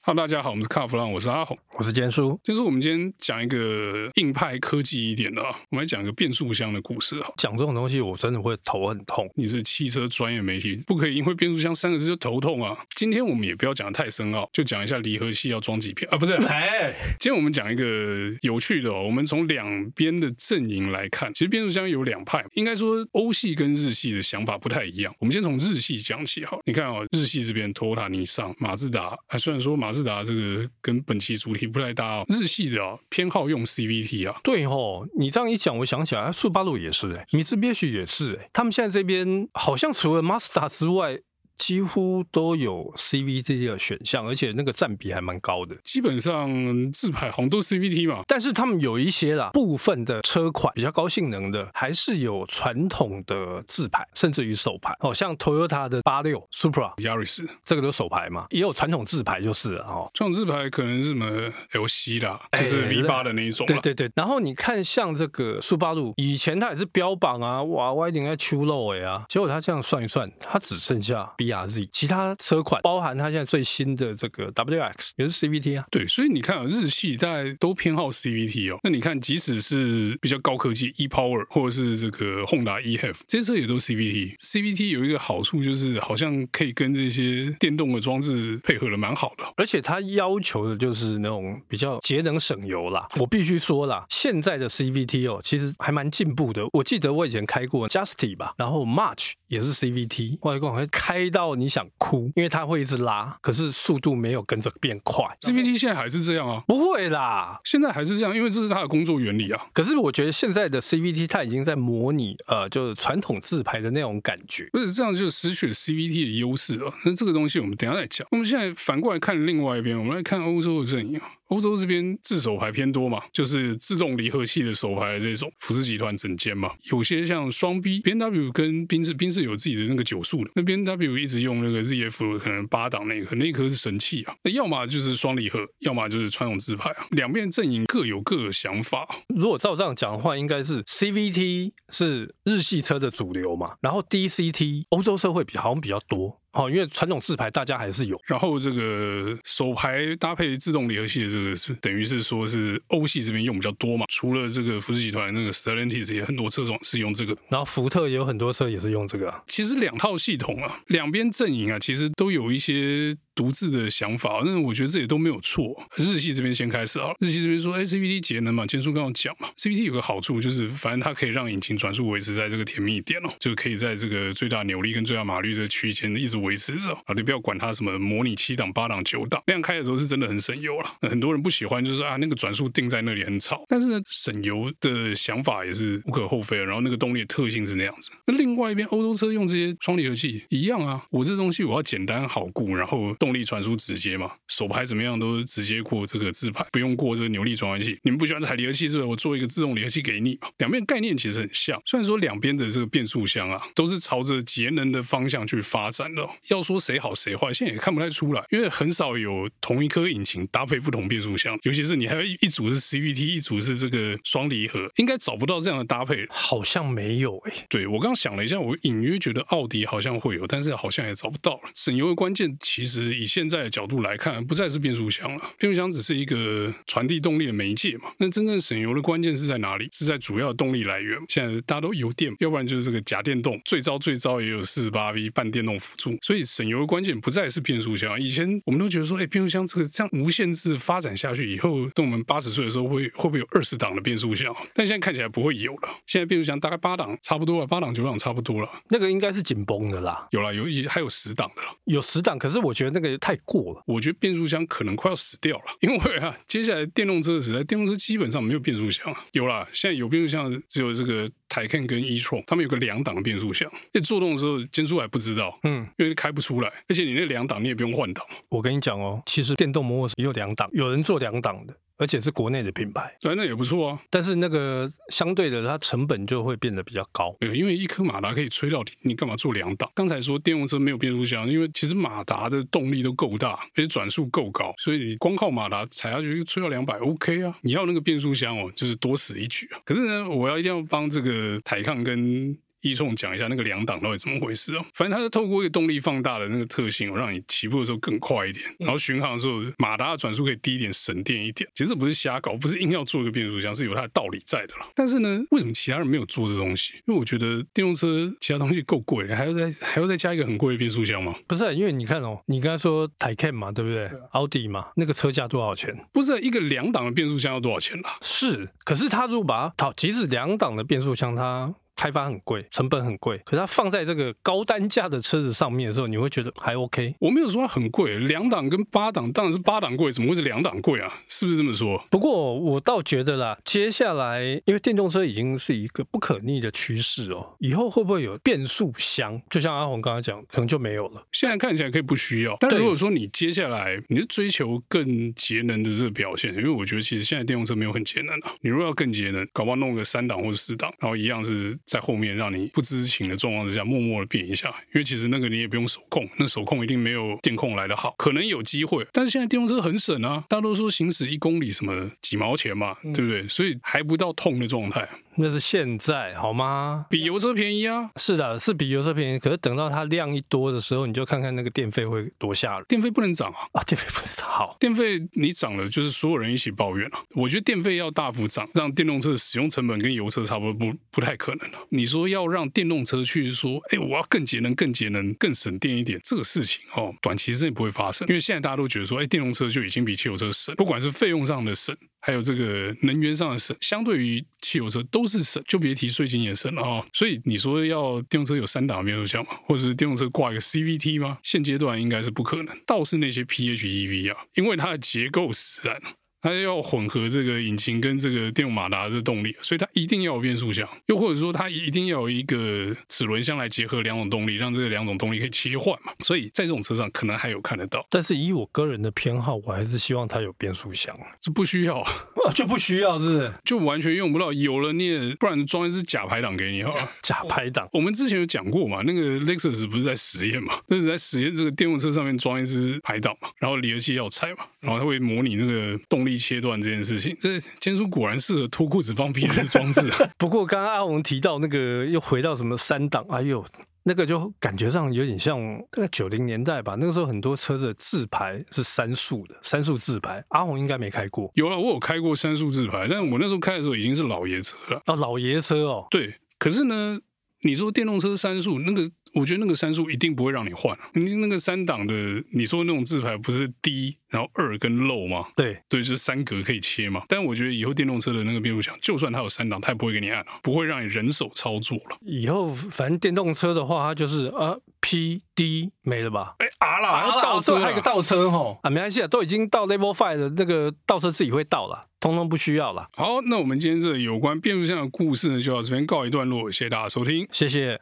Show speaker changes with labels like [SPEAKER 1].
[SPEAKER 1] 哈嘍大家好，我們是卡弗朗，我是阿紅，我是堅叔。堅叔，我們今天講一個硬派科技一點的啊，我們來講一個變速箱的故事啊。講這種東西，我真的會頭很痛。你是汽車專業媒體，不可以因為變速箱三個字就頭痛啊。今天我們也不要講的太深奧，就講一下離合器要裝幾片啊，不是、啊。來沒，今天我們講一個有趣的，哦，我們從兩邊的陣營來看，其實變速箱有兩派，應該說歐系跟日系的想法不太一樣。我們先從日系講起哈，你看哦，日系這邊，托塔尼桑，馬自達，啊、雖然說馬。馬自達這個跟本期主題不太搭哦，日系的，啊、偏好用 CVT 啊。對吼、哦，你這樣一講，我想起來 Subaru 也是誒、欸，Mitsubishi 也是誒、欸，他們現在這邊好像除了馬自達之外，幾乎都有 CVT 的選項，而且那個佔比還蠻高的。基本上自排，好像都 CVT 嘛，但是他們有一些啦，部分的車款比較高性能的，還是有傳統的自排，甚至於手排。好、哦、像 Toyota 的八六 Supra、Yaris，這個都手排嘛，也有傳統自排就是了哦。這種自排可能是什麼 LC 啦，哎、就是 V 八的那一種。對對對，對對，然後你看像這個 Subaru，以前它也是標榜啊，哇我一定要出肉誒啊，結果它這樣算一算，它只剩下比。RZ 其他車款，包含它現在最新的這個 WX 也是 CVT 啊，對，所以你看啊，日系大家都偏好 CVT 哦。那你看，即使是比較高科技 ePower 或者是這個 Honda e:HEV，這些車也都 CVT。CVT 有一個好處，就是好像可以跟這些電動的裝置配合的蠻好的，而且它要求的就是那種比較節能省油啦。我必須說啦，現在的 CVT 哦，其實還蠻進步的。我記得我以前開過 Justy 吧，然後 March 也是 CVT，哇，好像開到到你想哭，因為它會一直拉，可是速度沒有跟着變快。CVT 現在還是這樣啊？不會啦，現在還是這樣，因為這是它的工作原理啊。可是我覺得現在的 CVT 它已經在模擬呃，就是傳統自排的那種感覺，不是這樣就失去了 CVT 的優勢了。那這個東西我們等一下再講。我們現在反過來看另外一邊，我們來看歐洲的陣營啊。歐洲這邊自手排偏多嘛，就是自動離合器的手排這種。福斯集團整間嘛，有些像雙 B，BMW 跟賓士，賓士有自己的那個九速的，那 BMW 一直用那個 Z F 可能八檔那個，那顆是神器啊。那要麼就是雙離合，要麼就是傳統自排啊。兩邊陣營各有各的想法。如果照這樣講的話，應該是 C V T 是日系車的主流嘛，然後 D C T 歐洲車會比好像比較多。哦，因為傳統自排大家還是有，然後這個手排搭配自動離合器的這個是等於是說是歐系這邊用比較多嘛，除了這個福斯集團那個 Stellantis 也很多車種是用這個，然後福特也有很多車也是用這個啊，其實兩套系統啊，兩邊陣營啊，其實都有一些。獨自的想法，但是我覺得這也都沒有錯哦。日系這邊先開始啊，日系這邊說哎，C V T 節能嘛，前叔跟我講嘛，C V T 有個好處就是，反正它可以讓引擎轉速維持在這個甜蜜點哦，就是可以在這個最大扭力跟最大馬力的區間一直維持着啊，你不要管它什麼模擬七檔、八檔、九檔，那樣開的時候是真的很省油了。那很多人不喜歡，就是啊，那個轉速定在那裡很吵，但是呢，省油的想法也是無可厚非的。然後那個動力的特性是那樣子。那另外一邊歐洲車用這些雙離合器一樣啊，我這東西我要簡單好顧，然後動。動力傳輸直接嘛，手排怎麼樣都是直接過這個自排，不用過這個扭力轉換器。你們不喜歡踩離合器，是不是？我做一個自動離合器給你嘛。兩邊概念其實很像，雖然說兩邊的這個變速箱啊，都是朝着節能的方向去發展的哦。要說誰好誰壞，現在也看不太出來，因為很少有同一顆引擎搭配不同變速箱，尤其是你還有一組是 CVT，一組是這個雙離合，應該找不到這樣的搭配。好像沒有哎。對，我剛想了一下，我隱約覺得奧迪好像會有，但是好像也找不到了。省油的關鍵其實。以現在的角度來看，不再是變速箱了。變速箱只是一個傳遞動力的媒介嘛。那真正省油的關鍵是在哪裡？是在主要動力來源。現在大家都油電，要不然就是這個假電動。最糟最糟也有四十八 V 半電動輔助，所以省油的關鍵不再是變速箱。以前我們都覺得說，哎、欸，變速箱這個這樣無限制發展下去以後，等我們八十歲的時候會會，會不會有二十檔的變速箱？但現在看起來不會有了。現在變速箱大概八檔差不多了，八檔九檔差不多了。那個應該是緊繃的啦，有啦，有也還有十檔的啦。有十檔。可是我覺得那個。太過了，我覺得變速箱可能快要死掉了，因為啊，接下來電動車時代，電動車基本上沒有變速箱、啊、有啦，現在有變速箱，只有這個 Taycan 跟 e-tron，他們有個兩檔的變速箱。那做動的時候，金叔還不知道，嗯，因為開不出來，而且你那兩檔你也不用換擋。我跟你講哦，其實電動摩托車也有兩檔，有人做兩檔的。而且是國內的品牌，對、啊，那也不錯啊。但是那個相對的，它成本就會變得比較高。對，因為一顆馬達可以吹到底，你幹嘛做兩檔？剛才說電動車沒有變速箱，因為其實馬達的動力都夠大，而且轉速夠高，所以你光靠馬達踩下去就吹到兩百，OK 啊。你要那個變速箱哦，就是多此一舉啊。可是呢，我要一定要幫這個抬槓跟。一送講一下那個兩檔到底怎麼回事哦、喔。反正它是透過一個動力放大的那個特性、喔，讓你起步的時候更快一點，然後巡航的時候馬達的轉速可以低一點，省電一點。其實不是瞎搞，不是硬要做一個變速箱，是有它的道理在的啦。但是呢，為什麼其他人沒有做這東西？因為我覺得電動車其他東西夠貴，還要再還要再加一個很貴的變速箱嗎？不是、啊，因為你看哦、喔，你剛才說 Taycan 嘛，對不對？奧迪對嘛，那個車價多少錢？不是、啊、一個兩檔的變速箱要多少錢啦、啊？是，可是它如果把它好，即使兩檔的變速箱它。開發很貴，成本很貴，可是它放在這個高單價的車子上面的時候，你會覺得還 OK。我沒有說它很貴，兩檔跟八檔當然是八檔貴，怎麼會是兩檔貴啊？是不是這麼說？不過我倒覺得啦，接下來因為電動車已經是一個不可逆的趨勢哦，以後會不會有變速箱？就像阿紅剛才講，可能就沒有了。現在看起來可以不需要，但如果說你接下來對你是追求更節能的這個表現，因為我覺得其實現在電動車沒有很節能啊。你如果要更節能，搞不好弄個三檔或者四檔，然後一樣是。在後面讓你不知情的狀況之下，默默的變一下，因為其實那個你也不用手控，那手控一定沒有電控來得好，可能有機會，但是現在電動車很省啊，大多數行駛一公里什麼幾毛錢嘛，嗯、對不對？所以還不到痛的狀態。那是現在好嗎？比油車便宜啊，是的，是比油車便宜。可是等到它量一多的時候，你就看看那個電費會多嚇人。電費不能漲啊！啊，電費不能漲。好，電費你漲了，就是所有人一起抱怨了，啊。我覺得電費要大幅漲，讓電動車的使用成本跟油車差不多不，不不太可能了。你說要讓電動車去說，哎、欸，我要更節能、更節能、更省電一點，這個事情哦，短期之內不會發生，因為現在大家都覺得說，哎、欸，電動車就已經比汽油車省，不管是費用上的省，還有這個能源上的省，相對於汽油車都。是省，就別提稅金也省了啊、哦！所以你說要電動車有三檔變速箱嗎？或者是電動車掛一個 CVT 嗎？現階段應該是不可能。倒是那些 PHEV 啊，因為它的結構使然。它要混合這個引擎跟這個電動馬達的動力，所以它一定要有變速箱，又或者說它一定要有一個齒輪箱來結合兩種動力，讓這兩種動力可以切換嘛。所以在這種車上可能還有看得到，但是以我個人的偏好，我還是希望它有變速箱。這不需要，啊就，不啊、就不需要，是不是？就完全用不到。有了你也，不然裝一支假排檔給你好假、假排檔，我們之前有講過嘛，那個 Lexus 不是在實驗嘛？就是在實驗這個電動車上面裝一支排檔嘛，然後離合器要踩嘛，然後它會模擬那個動力、嗯。易切斷這件事情，這堅叔果然適合脫褲子放屁的裝置、啊。 不過剛剛阿紅提到那個，又回到什麼三檔，哎呦，那個就感覺上有點像那個九零年代吧。那個時候很多車的自排是三速的，三速自排。阿紅應該沒開過。有啊，我有開過三速自排，但我那時候開的時候已經是老爺車了。啊、哦，老爺車哦，對。可是呢，你說電動車三速那個。我覺得那個三速一定不會讓你換、啊、那個三檔的，你說那種自排不是 D，然後二跟漏嗎？對，對，就是三格可以切嘛。但我覺得以後電動車的那個變速箱，就算它有三檔，它也不會給你按了、啊，不會讓你人手操作了。以後反正電動車的話，它就是啊 P、D 沒了吧？哎 R 了、啊、啦還倒車、啊、還有一個倒車哈啊，沒關係啊，都已經到 Level Five 了，那個倒車自己會倒了，通通不需要了。好，那我們今天這有關變速箱的故事呢，就到這邊告一段落。謝謝大家收聽，謝謝。